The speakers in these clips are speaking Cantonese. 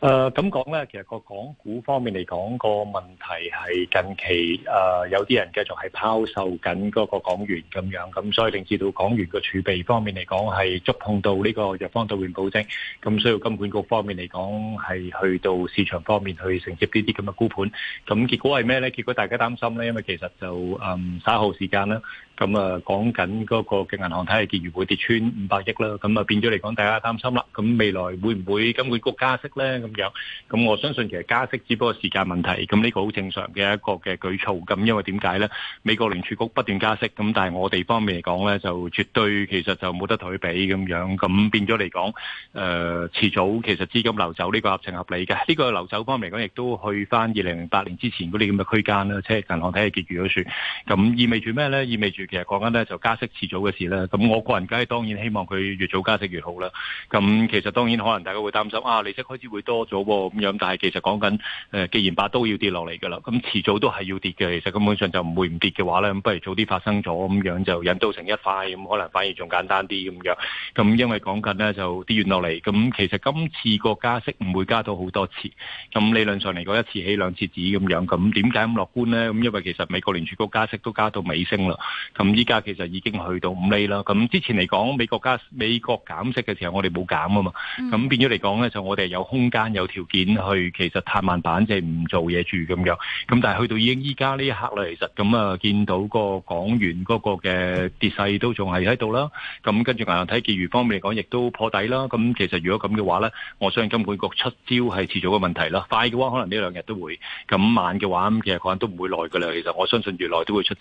誒，咁講咧，其實個港股方面嚟講個問題係近期誒，有啲人繼續係拋售緊嗰個港元咁樣，咁所以令至到港元個儲備方面嚟講係觸碰到呢個弱方兌換保證，咁需要金管局方面嚟講係去到市場方面去承接呢啲咁嘅沽盤，咁結果係咩咧？結果大家擔心咧，因為其實就誒三號時間啦，咁啊講緊嗰個嘅銀行體系結餘會跌穿五百億啦，咁啊變咗嚟講大家擔心啦，咁未來會唔會金管局加息咧？咁樣，咁我相信其實加息只不過時間問題，咁呢個好正常嘅一個嘅舉措。咁因為點解呢？美國聯儲局不斷加息，咁但係我哋方面嚟講呢，就絕對其實就冇得退比咁樣。咁變咗嚟講，誒、呃、遲早其實資金流走呢、這個合情合理嘅。呢、這個流走方面嚟講，亦都去翻二零零八年之前嗰啲咁嘅區間啦。即係銀行體系結餘咗算。咁意味住咩呢？意味住其實講緊呢，就加息遲早嘅事啦。咁我個人梗係當然希望佢越早加息越好啦。咁其實當然可能大家會擔心啊，利息開始會多。多咗咁樣，但係其實講緊誒，既然把刀要跌落嚟噶啦，咁遲早都係要跌嘅。其實根本上就唔會唔跌嘅話咧，不如早啲發生咗咁樣，就引導成一塊咁，可能反而仲簡單啲咁樣。咁因為講緊咧，就跌完落嚟，咁其實今次個加息唔會加到好多次。咁理論上嚟講，一次起兩次止咁樣。咁點解咁樂觀咧？咁因為其實美國聯儲局加息都加到尾聲啦。咁依家其實已經去到五厘啦。咁之前嚟講，美國加美國減息嘅時候，我哋冇減啊嘛。咁變咗嚟講咧，就我哋有空間。有條件去，其實踏慢板即係唔做嘢住咁樣。咁但係去到已經依家呢一刻咧，其實咁啊見到個港元嗰個嘅跌勢都仲係喺度啦。咁跟住銀行體系結餘方面嚟講，亦都破底啦。咁其實如果咁嘅話咧，我相信金管局出招係遲早個問題咯。快嘅話可能呢兩日都會，咁慢嘅話咁其實可能都唔會耐噶啦。其實我相信越耐都會出招。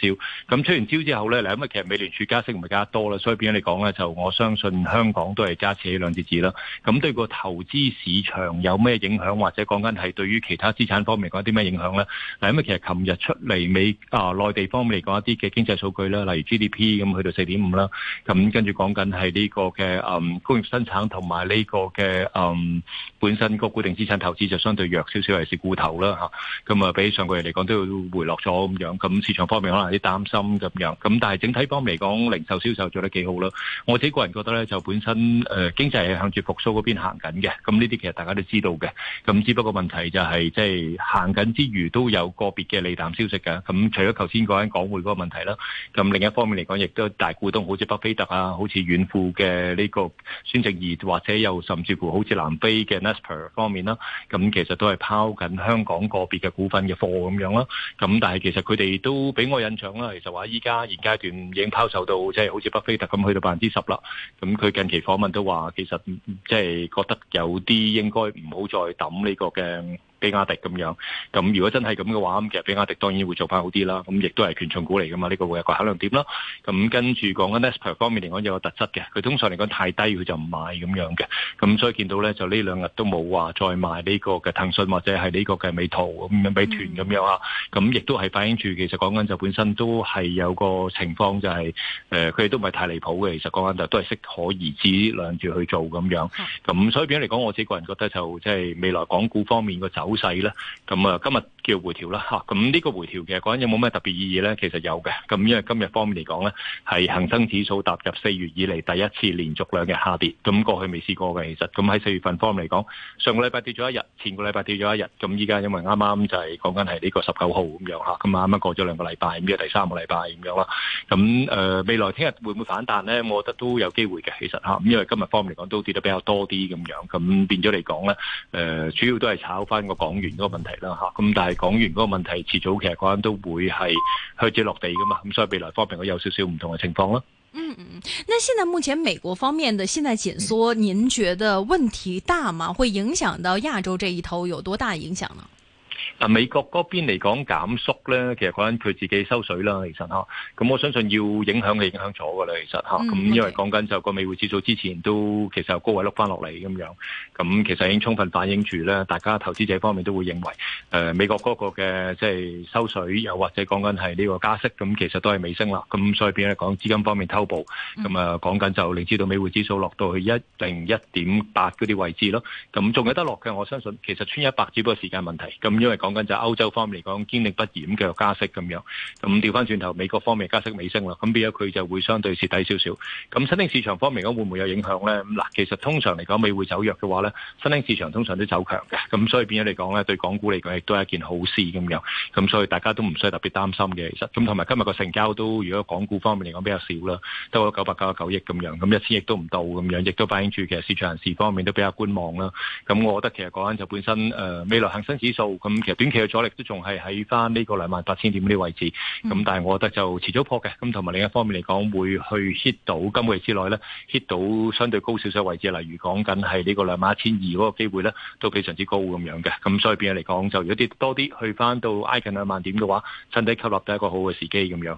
咁出完招之後咧，嗱，因為其實美聯儲加息唔係加多啦，所以變咗嚟講咧，就我相信香港都係加起兩隻字啦。咁對個投資市場有有咩影響，或者講緊係對於其他資產方面講一啲咩影響咧？嗱，因為其實琴日出嚟美啊，內地方面講一啲嘅經濟數據啦，例如 GDP 咁去到四點五啦，咁跟住講緊係呢個嘅嗯工業生產同埋呢個嘅嗯本身個固定資產投資就相對弱少少，尤其是固投啦吓，咁啊比上個月嚟講都要回落咗咁樣，咁市場方面可能有啲擔心咁樣，咁但係整體方面嚟講，零售銷售做得幾好啦。我自己個人覺得咧，就本身誒、呃、經濟係向住復甦嗰邊行緊嘅，咁呢啲其實大家都知做嘅，咁只不過問題就係即係行緊之餘都有個別嘅利淡消息嘅，咁除咗頭先講緊港匯嗰個問題啦，咁另一方面嚟講，亦都大股東好似北非特啊，好似遠富嘅呢個孫正義，或者又甚至乎好似南非嘅 Naspers 方面啦，咁其實都係拋緊香港個別嘅股份嘅貨咁樣啦，咁但係其實佢哋都俾我印象啦，其實話依家現階段已經拋售到即係、即係、好似北非特咁去到百分之十啦，咁佢近期訪問都話，其實即係覺得有啲應該唔。唔好再抌呢個鏡。比亞迪咁樣，咁如果真係咁嘅話，咁其實比亞迪當然會做翻好啲啦。咁亦都係權重股嚟噶嘛，呢個會有個考量點啦。咁跟住講緊 Nasdaq 方面嚟講，有個特質嘅，佢通常嚟講太低，佢就唔買咁樣嘅。咁所以見到咧，就呢兩日都冇話再賣呢個嘅騰訊或者係呢個嘅美圖咁樣美團咁樣啊。咁亦都係反映住，其實講緊就本身都係有個情況，就係誒，佢哋都唔係太離譜嘅。其實講緊就都係適可而止，量住去做咁樣。咁所以變咗嚟講，我自己個人覺得就即係未來港股方面個走。細啦，咁啊今日叫回調啦吓，咁呢個回調嘅講緊有冇咩特別意義咧？其實有嘅，咁因為今日方面嚟講咧，係恒生指數踏入四月以嚟第一次連續兩日下跌，咁過去未試過嘅其實，咁喺四月份方面嚟講，上個禮拜跌咗一日，前個禮拜跌咗一日，咁依家因為啱啱就係講緊係呢個十九號咁樣吓，咁啊啱啱過咗兩個禮拜，咁呢個第三個禮拜咁樣啦，咁誒未來聽日會唔會反彈咧？我覺得都有機會嘅，其實吓，咁因為今日方面嚟講都跌得比較多啲咁樣，咁變咗嚟講咧，誒主要都係炒翻個。港元嗰個問題啦，吓，咁但係港元嗰個問題遲早其實嗰間都會係開始落地噶嘛，咁所以未來方面會有少少唔同嘅情況咯。嗯嗯，那現在目前美國方面的信貸緊縮，您覺得問題大嗎？會影響到亞洲這一頭有多大影響呢？啊，但美國嗰邊嚟講減縮咧，其實講緊佢自己收水啦，其實咁我相信要影響嘅影響咗噶啦，其實咁、嗯、因為講緊就個美匯指數之前都其實有高位碌翻落嚟咁樣，咁其實已經充分反映住咧，大家投資者方面都會認為，誒、呃、美國嗰個嘅即係收水，又或者講緊係呢個加息，咁其實都係尾聲啦。咁所以變咗講資金方面偷步，咁啊講緊就令到美匯指數落到去一零一點八嗰啲位置咯。咁仲有得落嘅，我相信其實穿一百只不過時間問題。咁因為講緊就歐洲方面嚟講，堅定不移咁繼續加息咁樣，咁調翻轉頭美國方面加息尾聲啦，咁變咗佢就會相對蝕底少少。咁新興市場方面講會唔會有影響咧？咁嗱，其實通常嚟講，美匯走弱嘅話咧，新興市場通常都走強嘅，咁所以變咗嚟講咧，對港股嚟講亦都係一件好事咁樣。咁所以大家都唔需要特別擔心嘅。其實，咁同埋今日個成交都如果港股方面嚟講比較少啦，得咗九百九十九億咁樣，咁一千億都唔到咁樣，亦都反映住其實市場人士方面都比較觀望啦。咁我覺得其實講緊就本身誒未來恒生指數咁。咁其實短期嘅阻力都仲係喺翻呢個兩萬八千點呢個位置，咁、嗯、但係我覺得就遲早破嘅，咁同埋另一方面嚟講，會去 hit 到今個月之內咧 hit 到相對高少少位置，例如講緊係呢個兩萬一千二嗰個機會咧，都非常之高咁樣嘅，咁所以變咗嚟講，就如果跌多啲去翻到挨近兩萬點嘅話，趁低吸納都係一個好嘅時機咁樣。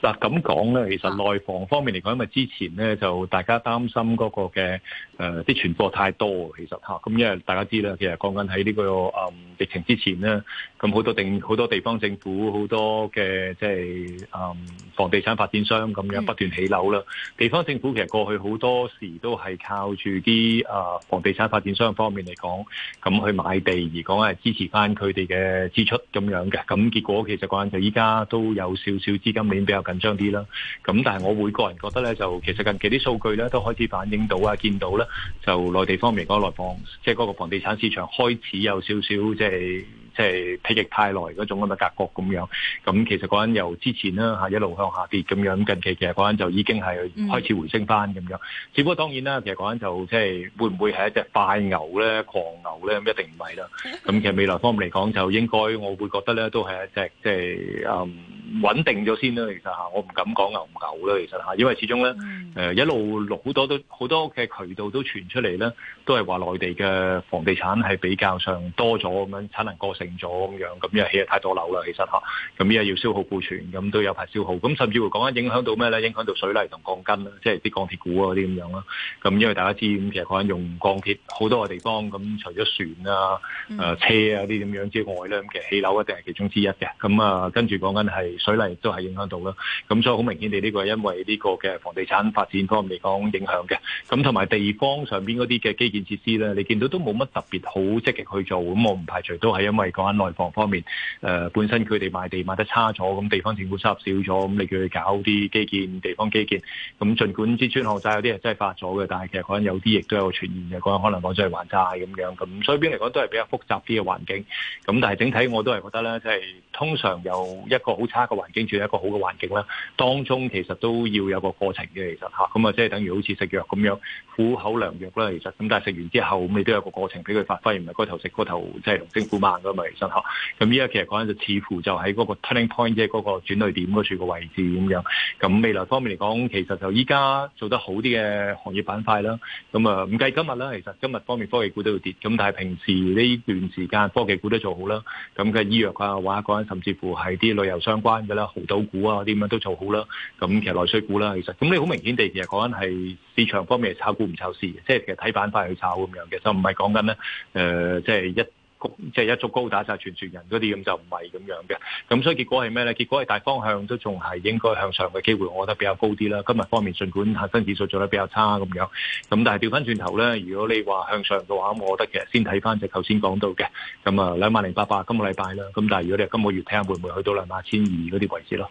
嗱，咁講咧，其實內房方面嚟講，因為之前咧，就大家擔心嗰個嘅啲、呃、存貨太多。其實咁、啊，因為大家知啦，其實講緊喺呢個誒、嗯、疫情之前咧，咁好多地好多地方政府好多嘅即係誒。嗯房地產發展商咁樣不斷起樓啦，地方政府其實過去好多時都係靠住啲啊房地產發展商方面嚟講，咁去買地而講係支持翻佢哋嘅支出咁樣嘅，咁結果其實講就依家都有少少資金鏈比較緊張啲啦。咁但係我會個人覺得咧，就其實近期啲數據咧都開始反映到啊，見到咧就內地方面嗰個內房即係嗰個房地產市場開始有少少即係。即係疲極太耐嗰種咁嘅格局咁樣，咁其實嗰陣由之前啦嚇一路向下跌咁樣，近期其實嗰陣就已經係開始回升翻咁樣。嗯、只不過當然啦，其實嗰陣就即係會唔會係一隻快牛咧、狂牛咧，咁一定唔係啦。咁 其實未來方面嚟講，就應該我會覺得咧，都係一隻即係、即係、嗯。穩定咗先啦，其實我唔敢講牛唔牛啦，其實因為始終咧、mm. 呃，一路好多都好多嘅渠道都傳出嚟咧，都係話內地嘅房地產係比較上多咗咁樣，產能過剩咗咁樣，咁因為起咗太多樓啦，其實咁呢家要消耗庫存，咁都有排消耗，咁甚至會講緊影響到咩咧？影響到水泥同鋼筋啦，即係啲鋼鐵股嗰啲咁樣啦。咁因為大家知，咁其實講緊用鋼鐵好多嘅地方，咁除咗船啊、誒、呃、車啊啲咁樣之外咧，咁其實起樓一定係其中之一嘅。咁啊，跟住講緊係。水泥都係影響到啦，咁所以好明顯地呢個係因為呢個嘅房地產發展方面嚟講影響嘅，咁同埋地方上邊嗰啲嘅基建設施咧，你見到都冇乜特別好積極去做，咁我唔排除都係因為講緊內房方面，誒、呃、本身佢哋賣地賣得差咗，咁地方政府收入少咗，咁你叫佢搞啲基建地方基建，咁儘管支村學生有啲係真係發咗嘅，但係其實嗰間有啲亦都有傳言，嘅。講可能講真係還債咁樣，咁所以嗰邊嚟講都係比較複雜啲嘅環境，咁但係整體我都係覺得咧，即係通常有一個好差個環境處一個好嘅環境啦，當中其實都要有個過程嘅，其實吓，咁啊即係等於好似食藥咁樣苦口良藥啦，其實，咁但係食完之後咁你都有個過程俾佢發揮，唔係個頭食個頭即係龍精虎猛噶嘛，其實吓，咁依家其實講緊就似乎就喺嗰個 turning point 即係嗰個轉捩點嗰處個位置咁樣，咁未來方面嚟講，其實就依家做得好啲嘅行業板塊啦，咁啊唔計今日啦，其實今日方面科技股都要跌，咁但係平時呢段時間科技股都做好啦，咁嘅醫藥啊、話講緊甚至乎係啲旅遊相關。嘅啦，濠賭股啊啲咁樣都做好啦，咁其實內需股啦，其實咁你好明顯地其實講緊係市場方面係炒股唔炒市，嘅，即係其實睇板塊去炒咁樣。嘅，就唔係講緊咧誒，即、呃、係。就是、一。即係一足高打晒全全人嗰啲咁就唔係咁樣嘅，咁所以結果係咩呢？結果係大方向都仲係應該向上嘅機會，我覺得比較高啲啦。今日方面儘管恆生指數做得比較差咁樣，咁但係調翻轉頭呢。如果你話向上嘅話，我覺得其實先睇翻隻頭先講到嘅，咁啊兩萬零八百今個禮拜啦，咁但係如果你今個月睇下會唔會去到兩萬千二嗰啲位置咯。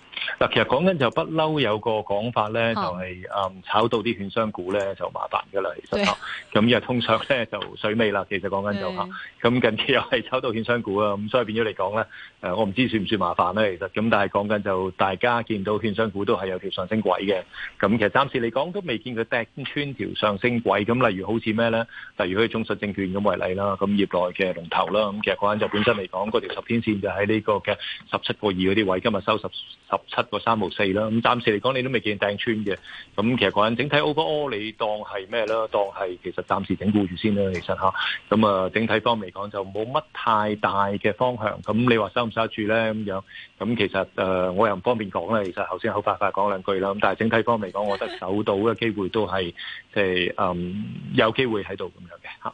嗱，其實講緊就不嬲有個講法咧，就係誒炒到啲券商股咧就麻煩噶啦，其實咁又通常咧就水尾啦。其實講緊就嚇，咁近期又係炒到券商股啊，咁所以變咗嚟講咧，誒我唔知算唔算麻煩咧，其實咁，但係講緊就大家見到券商股都係有條上升軌嘅，咁其實暫時嚟講都未見佢跌穿條上升軌。咁例如好似咩咧？例如好似中信證券咁為例啦，咁業內嘅龍頭啦，咁其實講緊就本身嚟講，嗰條十天線就喺呢個嘅十七個二嗰啲位，今日收十十七個三毛四啦，咁暫時嚟講你都未見掟穿嘅，咁其實講緊整體 overall 你當係咩咧？當係其實暫時整固住先啦，其實嚇，咁啊整體方面嚟講就冇乜太大嘅方向，咁你話守唔守得住咧咁樣？咁其實誒我又唔方便講啦，其實頭先口快快講兩句啦，咁但係整體方面嚟講，我覺得守到嘅機會都係誒嗯有機會喺度咁樣嘅嚇。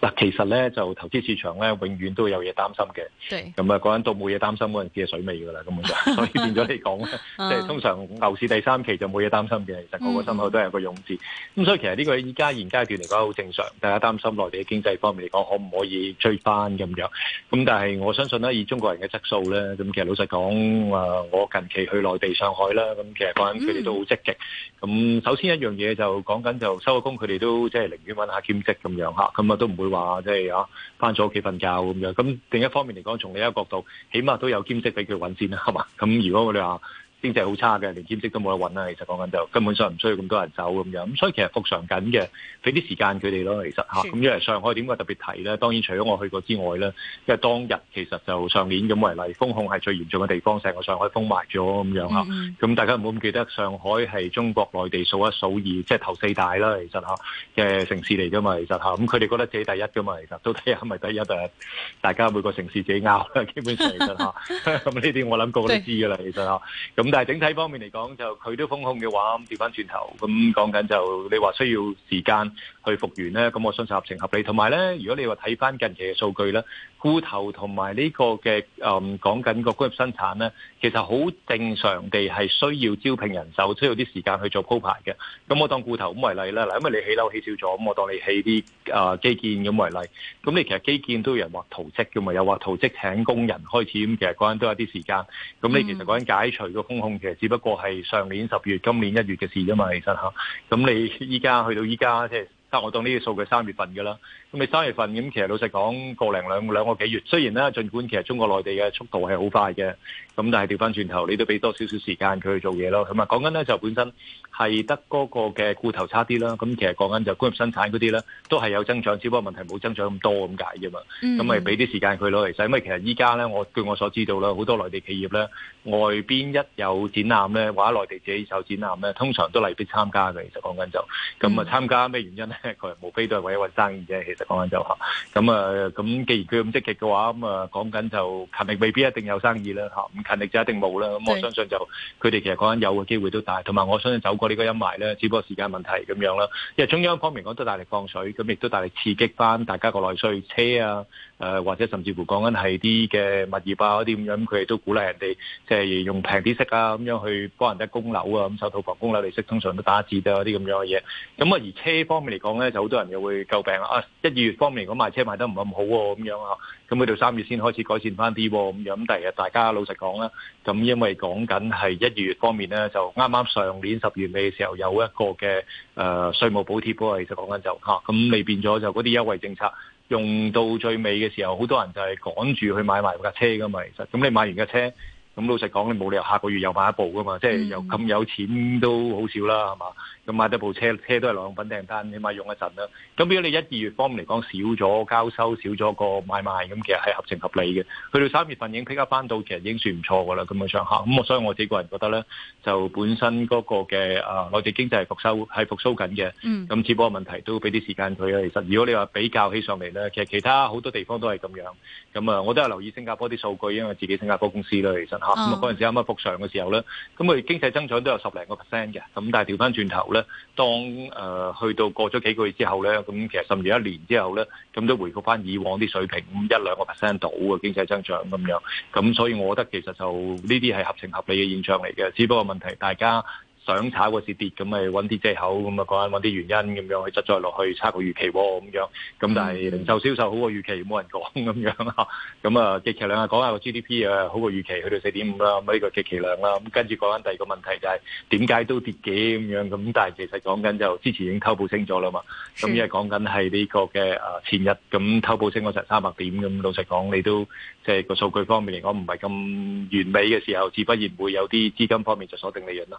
嗱，其實咧就投資市場咧，永遠都有嘢擔心嘅。咁啊對，講緊到冇嘢擔心嗰陣時嘅水位㗎啦，咁啊，所以變咗你講即係通常牛市第三期就冇嘢擔心嘅。其實我個個心口都有個勇字。咁、嗯、所以其實呢個依家現階段嚟講好正常，大家擔心內地經濟方面嚟講可唔可以追翻咁樣。咁但係我相信咧，以中國人嘅質素咧，咁其實老實講，誒，我近期去內地上海啦，咁其實講緊佢哋都好積極。咁、嗯、首先一樣嘢就講緊就收咗工，佢哋都即係寧願揾下兼職咁樣嚇，咁啊都唔會。話即係啊，翻咗屋企瞓覺咁樣。咁另一方面嚟講，從另一個角度，起碼都有兼職俾佢揾先啦，係嘛？咁如果我哋話。經濟好差嘅，連兼職都冇得揾啦。其實講緊就根本上唔需要咁多人走咁樣，咁所以其實復常緊嘅，俾啲時間佢哋咯。其實嚇，咁、嗯、因為上海點解特別提咧？當然除咗我去過之外咧，因為當日其實就上年咁為例，封控係最嚴重嘅地方，成個上海封埋咗咁樣嚇。咁、嗯、大家唔好咁記得上海係中國內地數一數二，即係頭四大啦。其實嚇嘅城市嚟㗎嘛，其實嚇咁佢哋覺得自己第一㗎嘛，其實都第一咪、就是、第一，但係大家每個城市自己拗啦，基本上其實嚇。咁呢啲我諗過我都知㗎啦，其實嚇咁。但係整體方面嚟講，就佢都封控嘅話，咁調翻轉頭咁講緊，說就是、你話需要時間去復原咧，咁我相信合情合理。同埋咧，如果你話睇翻近期嘅數據咧。固投同埋呢個嘅誒、嗯、講緊個工業生產咧，其實好正常地係需要招聘人手，需要啲時間去做鋪排嘅。咁我當固投咁為例啦，嗱，因為你起樓起少咗，咁我當你起啲啊、呃、基建咁為例，咁你其實基建都有人畫圖積㗎嘛，有畫圖積請工人開始咁，其實嗰陣都有啲時間。咁你其實嗰陣解除個封控，其實只不過係上年十月、今年一月嘅事啫嘛，其實嚇。咁你依家去到依家即係得，我當呢個數據三月份㗎啦。咁你三月份咁，其實老實講，個零兩兩個幾月，雖然咧，儘管其實中國內地嘅速度係好快嘅。咁但係調翻轉頭，你都俾多少少時間佢去做嘢咯。咁啊，講緊咧就本身係得嗰個嘅固投差啲啦。咁其實講緊就工業生產嗰啲咧，都係有增長，只不過問題冇增長咁多咁解啫嘛。咁咪俾啲時間佢咯，其實。因為其實依家咧，我據我所知道啦，好多內地企業咧，外邊一有展覽咧，或者內地自己有展覽咧，通常都嚟必參加嘅。其實講緊就咁啊，參加咩原因咧？佢無非都係為咗揾生意啫。其實講緊就咁啊。咁既然佢咁積極嘅話，咁啊講緊就琴日未必一定有生意啦嚇壓力就一定冇啦，咁我相信就佢哋對其實講緊有嘅機會都大，同埋我相信走過呢個陰霾咧，只不過時間問題咁樣啦。因為中央方面講都大力放水，咁亦都大力刺激返大家個內需車啊。誒或者甚至乎講緊係啲嘅物業啊，一啲咁樣，咁佢哋都鼓勵人哋即係用平啲息啊，咁樣去幫人哋供樓啊，咁首套房供樓利息通常都打折啊，啲咁樣嘅嘢。咁啊，而車方面嚟講咧，就好多人又會詬病啦。啊，一二月方面嚟講賣車賣得唔係咁好喎，咁樣啊，咁去到三月先開始改善翻啲喎，咁樣咁第二日大家老實講啦。咁因為講緊係一二月方面咧，就啱啱上年十月尾嘅時候有一個嘅誒稅務補貼喎，其實講緊就嚇，咁你變咗就嗰啲優惠政策。用到最尾嘅時候，好多人就係趕住去買埋架車㗎嘛，其實咁你買完架車。咁老實講，你冇理由下個月又買一部噶嘛？即係又咁有錢都好少啦，係嘛？咁買得部車，車都係耐用品訂單，起碼用一陣啦。咁如果你一二月方面嚟講少咗交收，少咗個買賣，咁其實係合情合理嘅。去到三月份已經比較返到，其實已經算唔錯噶啦，咁樣上下。咁我所以我自己個人覺得咧，就本身嗰個嘅啊內地經濟係復蘇係復蘇緊嘅。咁、嗯、只不過問題都俾啲時間佢啊。其實如果你話比較起上嚟咧，其實其他好多地方都係咁樣。咁啊，我都係留意新加坡啲數據，因為自己新加坡公司啦。其實。嚇咁啊！嗰、嗯嗯、陣時啱啱復常嘅時候咧，咁佢經濟增長都有十零個 percent 嘅，咁但係調翻轉頭咧，當誒、呃、去到過咗幾個月之後咧，咁其實甚至一年之後咧，咁都回復翻以往啲水平，咁一兩個 percent 到嘅經濟增長咁樣，咁所以我覺得其實就呢啲係合情合理嘅現象嚟嘅，只不過問題大家。想炒個市跌咁咪揾啲借口咁啊，講緊揾啲原因咁樣去執再落去測個預期咁樣，咁但係零售銷售好過預期冇人講咁樣啦，咁啊，極其量啊講下個 G D P 啊好過預期去到四點五啦，咁呢個極其量啦，咁跟住講緊第二個問題就係點解都跌嘅咁樣，咁但係其實講緊就之前已經偷步升咗啦嘛，咁因為講緊係呢個嘅啊前日咁偷步升咗成三百點咁，老實講你都即係、就是、個數據方面嚟講唔係咁完美嘅時候，自不然會有啲資金方面就鎖定利潤啦。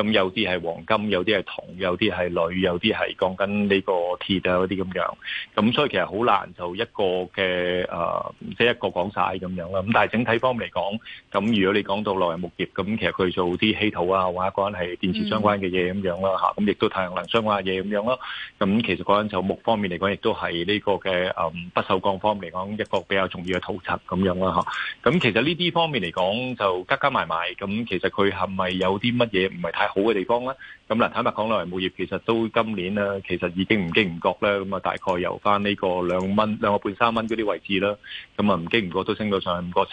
咁有啲係黃金，有啲係銅，有啲係鋁，有啲係講緊呢個鐵啊嗰啲咁樣。咁所以其實好難就一個嘅誒，即係一個講晒咁樣啦。咁但係整體方面嚟講，咁如果你講到來為木業，咁其實佢做啲稀土啊，或者講緊係電池相關嘅嘢咁樣啦嚇，咁亦都太陽能相關嘅嘢咁樣咯。咁其實講緊就木方面嚟講，亦都係呢個嘅誒不鏽鋼方面嚟講一個比較重要嘅土產咁樣啦嚇。咁其實呢啲方面嚟講就加加埋埋，咁其實佢係咪有啲乜嘢唔係太好嘅地方啦，咁嗱，坦白講，落嚟冇業其實都今年咧，其實已經唔經唔覺咧，咁啊，大概由翻呢個兩蚊、兩個半三蚊嗰啲位置啦，咁啊唔經唔覺都升到上去五個七。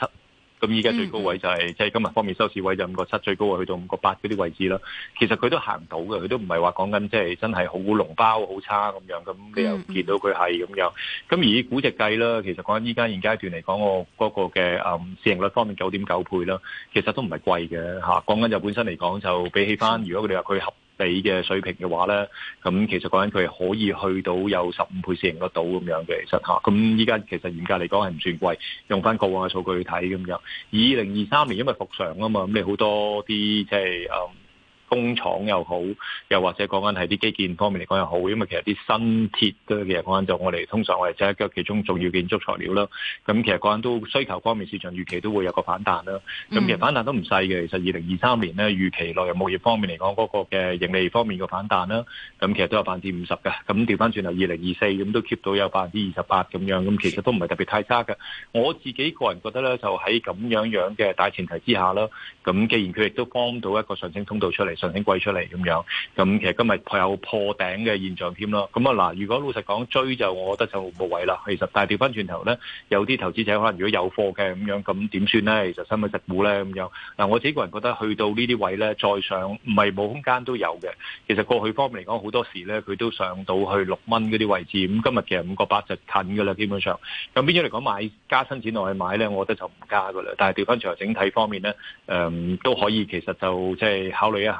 咁依家最高位就係即係今日方面收市位就五個七，最高位去到五個八嗰啲位置啦。其實佢都行到嘅，佢都唔係話講緊即係真係好冧包、好差咁樣。咁你又見到佢係咁樣。咁而估值計啦，其實講緊依家現階段嚟講，我嗰個嘅誒、嗯、市盈率方面九點九倍啦，其實都唔係貴嘅嚇。講緊就本身嚟講，就比起翻如果佢哋話佢合。比嘅水平嘅話咧，咁其實講緊佢可以去到有十五倍市盈率度咁樣嘅，其實吓。咁依家其實嚴格嚟講係唔算貴，用翻過去嘅數據去睇咁樣。二零二三年因為復常啊嘛，咁你好多啲即係誒，就是嗯工廠又好，又或者講緊係啲基建方面嚟講又好，因為其實啲新鐵都其實講緊就我哋通常我哋就係其中重要建築材料啦。咁其實講緊都需求方面市場預期都會有一個反彈啦。咁其實反彈都唔細嘅。其實二零二三年咧，預期內嘅房業方面嚟講嗰個嘅盈利方面嘅反彈啦，咁其實都有百分之五十嘅。咁調翻轉頭二零二四咁都 keep 到有百分之二十八咁樣，咁其實都唔係特別太差嘅。我自己個人覺得咧，就喺咁樣樣嘅大前提之下啦，咁既然佢亦都幫到一個上升通道出嚟。上升貴出嚟咁樣，咁其實今日係有破頂嘅現象添咯。咁啊嗱，如果老實講追就，我覺得就冇位啦。其實，但係調翻轉頭咧，有啲投資者可能如果有貨嘅咁樣，咁點算咧？其實新嘅實股咧咁樣。嗱，我自己個人覺得去到呢啲位咧，再上唔係冇空間都有嘅。其實過去方面嚟講，好多時咧佢都上到去六蚊嗰啲位置。咁今日其實五個八就近㗎啦，基本上。咁變咗嚟講買加新錢落去買咧？我覺得就唔加㗎啦。但係調翻轉頭，整體方面咧，誒、嗯、都可以，其實就即係考慮一下。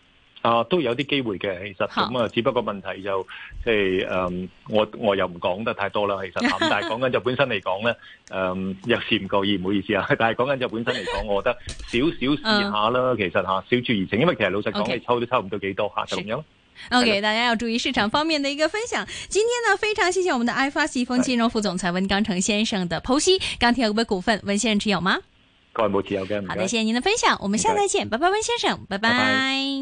啊，都有啲機會嘅，其實咁啊，只不過問題就即係誒，我我又唔講得太多啦，其實咁。但係講緊就本身嚟講呢，誒，有時唔夠意，唔好意思啊。但係講緊就本身嚟講，我覺得少少試下啦，其實吓小注怡情，因為其實老實講，你抽都抽唔到幾多吓，就咁樣。OK，大家要注意市場方面嘅一個分享。今天呢，非常謝謝我們的 IFC 豐金融副總裁溫鋼城先生的剖析。鋼鐵股份，溫先生持有嗎？各位冇持有嘅。好的，謝謝您的分享，我們下次再見，拜拜，溫先生，拜拜。